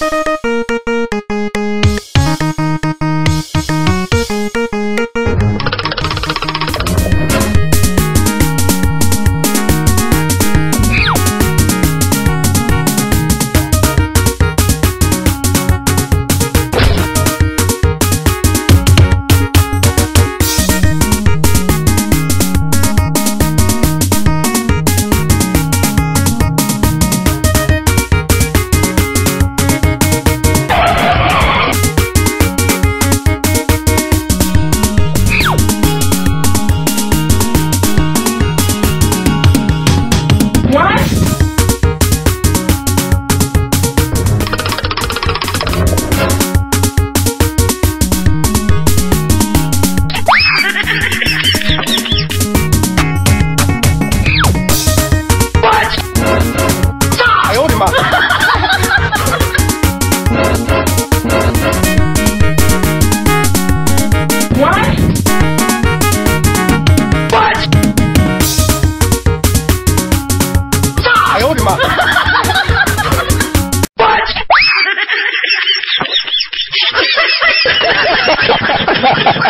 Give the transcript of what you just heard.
you